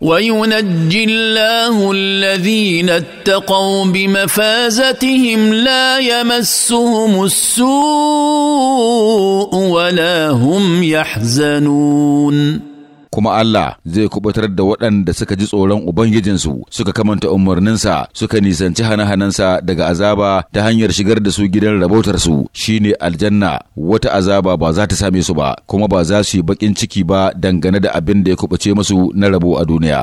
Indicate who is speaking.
Speaker 1: وينجي الله الذين اتقوا بمفازتهم لا يمسهم السوء
Speaker 2: ولا هم يحزنون kuma Allah zai kubutar da waɗanda suka ji tsoron Ubangijinsu suka kamanta umarninsa suka nisanci hane-hanensa daga azaba ta hanyar shigar da su gidan rabautarsu shine aljanna wata azaba ba za ta same su ba kuma ba za su yi baƙin ciki ba dangane da abin da ya kubuce musu na rabo a
Speaker 3: duniya.